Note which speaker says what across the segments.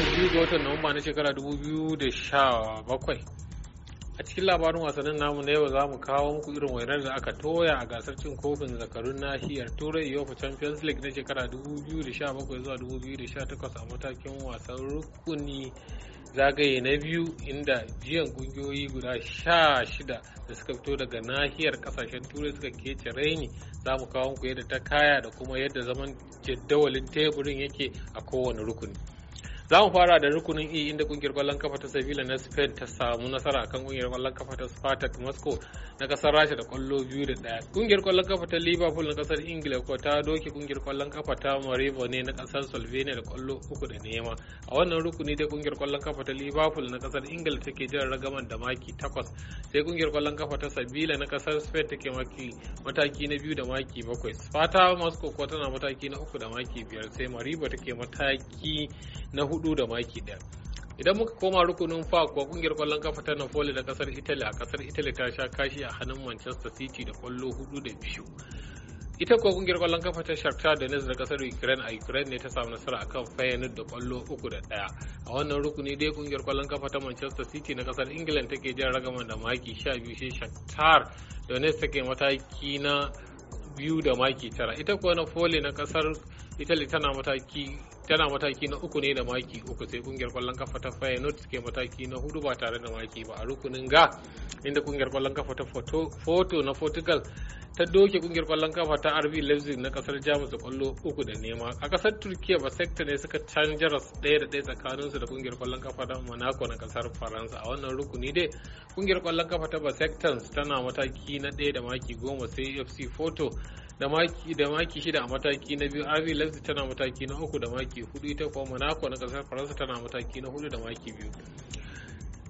Speaker 1: ranar biyu ga watan Nuwamba na shekara 2017. A cikin labarin wasannin namu na yau za mu kawo muku irin wainar da aka toya a gasar cin kofin zakarun nahiyar Turai UEFA Champions League na shekara 2017 zuwa 2018 a matakin wasan rukuni zagaye na biyu inda jiyan kungiyoyi guda sha da suka fito daga nahiyar kasashen turai suka kece raini za mu kawo ku yadda ta kaya da kuma yadda zaman jadawalin teburin yake a kowane rukuni. za mu fara da rukunin E inda kungiyar kwallon kafa ta Sevilla na Spain ta samu nasara kan kungiyar kwallon kafa ta Spartak Moscow na kasar Rasha da kwallo biyu da daya. Kungiyar kwallon kafa ta Liverpool na kasar Ingila ko ta doke kungiyar kwallon kafa ta Maribor ne na kasar Slovenia da kwallo uku da nema. A wannan rukuni dai kungiyar kwallon kafa ta Liverpool na kasar Ingila take jiran ragaman da maki takwas sai kungiyar kwallon kafa ta Sevilla na kasar Spain take maki mataki na biyu da maki bakwai. Spartak Moscow ko tana mataki na uku da maki biyar sai Maribor take mataki na hudu hudu da maki ɗaya idan muka koma rukunin fa kuwa kungiyar kwallon kafa ta napoli na kasar italy a kasar italy ta sha kashi a hannun manchester city da kwallo hudu da biyu ita kuwa kungiyar kwallon kafa ta Shakhtar da da kasar Ukraine a Ukraine ne ta samu nasara akan Feyenoord da kwallo uku da ɗaya. A wannan rukuni dai kungiyar kwallon kafa ta Manchester City na kasar England take jan ragaman da maki Sha biyu sai Shakhtar Donetsk take mataki na biyu da maki tara. Ita kuwa Napoli na kasar Italy tana mataki tana mataki na uku ne da maki uku sai kungiyar kwallon kafa ta Feyenoord suke mataki na hudu ba tare da maki ba a rukunin ga inda kungiyar kwallon kafa ta Foto na Portugal ta doke kungiyar kwallon kafa ta RB Leipzig na kasar Jamus da kwallo uku da nema a kasar Turkiya ba sekta ne suka canja ras ɗaya da ɗaya su da kungiyar kwallon kafa ta Monaco na kasar Faransa a wannan rukuni dai kungiyar kwallon kafa ta Basectans tana mataki na ɗaya da maki goma sai FC Foto da maki da maki shida a mataki na biyu RB Leipzig tana mataki na uku da maki hudu ita kuma Monaco na kasar Faransa tana mataki na hudu da maki biyu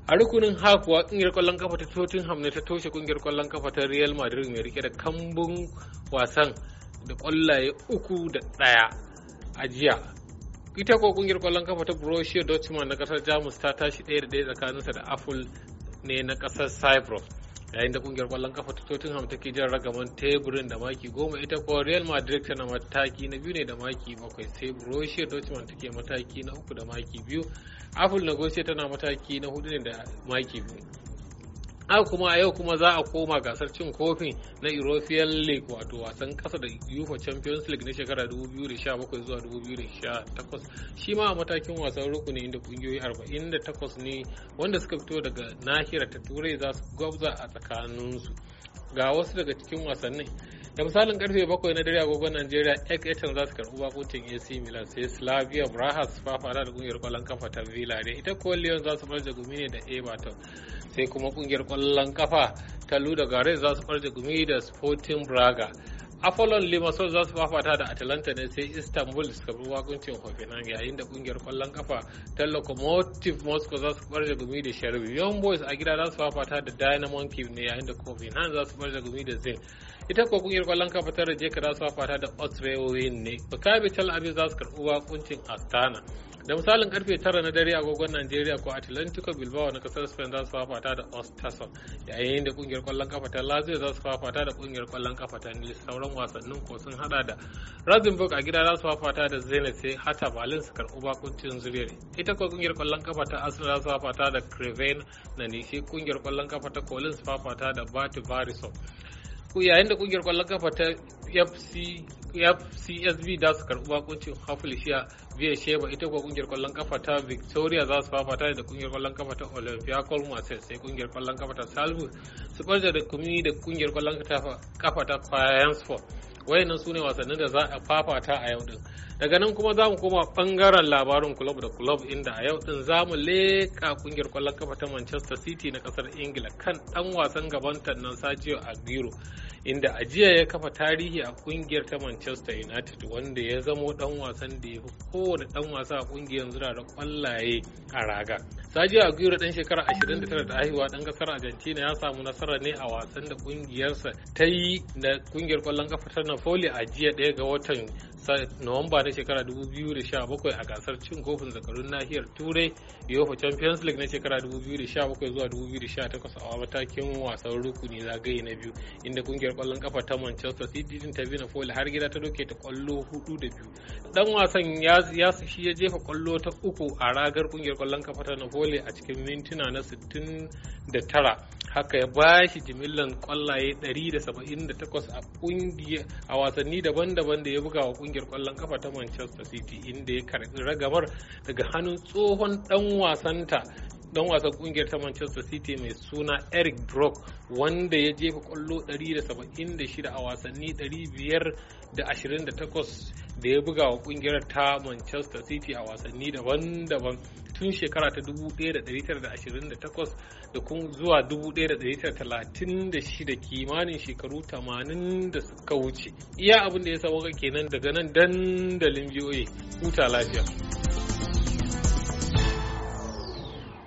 Speaker 1: a rukunin hakuwa kungiyar kwallon kafa ta Tottenham ne ta toshe kungiyar kwallon kafa ta Real Madrid mai rike da kambun wasan da kwallaye uku da daya a jiya ita ko kungiyar kwallon kafa ta Borussia Dortmund na kasar Jamus ta tashi daya da ɗaya tsakaninsa da Apple ne na kasar Cyprus yayin da kungiyar kwallon kafa ta Tottenham take jan ragaman teburin da maki goma ita kuwa Real Madrid tana mataki na biyu ne da maki bakwai sai Borussia Dortmund take mataki na uku da maki biyu Apple Negotiate tana mataki na hudu ne da maki biyu a kuma a yau kuma za a koma gasar cin kofin na european league wato wasan kasa da ufa champions league na shekara 2017 zuwa 2018 shi ma a matakin wasan rukuni inda kungiyoyi 48 ne wanda suka fito daga nahiyar ta turai za su gwabza a tsakaninsu ga wasu daga cikin wasannin da misalin karfe 7 na dare agogon Najeriya etan za su karbi bakuncin AC Milan sai Slavia Braha su fafara da kungiyar kwallon kafa ta Villarreal ita kuwa Lyon za su farja gumi ne da Everton sai kuma kungiyar kwallon kafa ta Ludo Gares za su farja gumi da Sporting Braga Apollon Limassol za su fafata da Atalanta ne sai Istanbul suka bi wakuncin Hoffenheim yayin da kungiyar kwallon kafa ta Lokomotiv Moscow za su da gumi da Sharbi. Young Boys a gida za su fafata da Dynamo Kiev ne yayin da Hoffenheim za su da gumi da Zen. Ita ko kungiyar kwallon kafa ta rajeka za su fafata da Osvewin ne. Bukabi Tel Aviv za su karɓi wakuncin Astana. da misalin karfe 9 na dare agogon Najeriya ko Atlantico Bilbao na kasar Spain za su fafata da Ostasun yayin da kungiyar kwallon kafa ta Lazio za su fafata da kungiyar kwallon kafa ta Nice sauran wasannin ko sun hada da Rosenborg a gida za su fafata da Zenit sai Hata Berlin su karɓi bakuncin zuriyar ita ko kungiyar kwallon kafa ta Arsenal za su fafata da Craven na Nice kungiyar kwallon kafa ta su fafata da Bati Barisov yayin da kungiyar kwallon kafa ta FC csv da su karɓi bakuncin haflishiya via sheba ita kuwa kungiyar kwallon kafa ta victoria za su fafata da kungiyar kwallon kafa ta olympia marseille sai kungiyar kwallon kafa ta salvo su barja da kumi da kungiyar kwallon kafa ta wayannan su ne wasannin da za a fafata a yau din daga nan kuma za mu koma bangaren labarin club da club inda a yau din za mu leka kungiyar kwallon kafa ta manchester city na kasar ingila kan dan wasan gaban nan sajiyo aguero inda a jiya ya kafa tarihi a kungiyar ta manchester united wanda ya zamo dan wasan da ya fi kowane dan wasa a kungiyar zura da kwallaye a raga Sajiya Aguero dan shekara 29 da haihuwa dan kasar Argentina ya samu nasara ne a wasan da kungiyarsa ta yi da kungiyar kwallon kafa ta Napoli a jiya daya ga watan nuwamba na shekara 2017 a gasar cin kofin zakarun nahiyar turai uefa champions league na shekara 2017 zuwa 2018 a matakin wasan rukuni zagaye na biyu inda kungiyar kwallon kafa ta manchester city din ta bina foli har gida ta doke ta kwallo hudu da biyu dan wasan ya shi ya jefa kwallo ta uku a ragar kungiyar kwallon kafa ta napoli a cikin mintuna na 69 haka ya ba shi jimillan kwallaye 178 a kungiya a wasanni daban-daban da ya buga wa kungiyar kwallon kafa ta Manchester City inda ya karbi ragamar daga hannun tsohon dan wasanta dan wasan kungiyar ta Manchester City mai suna Eric Brock wanda ya jefa kwallo 176 a wasanni 528 da ya buga wa kungiyar ta Manchester City a wasanni daban-daban tun shekara ta 1928 da kuma zuwa 1936 kimanin shekaru 80 da suka wuce iya abin da ya sauka kenan daga nan dandalin voa huta lafiya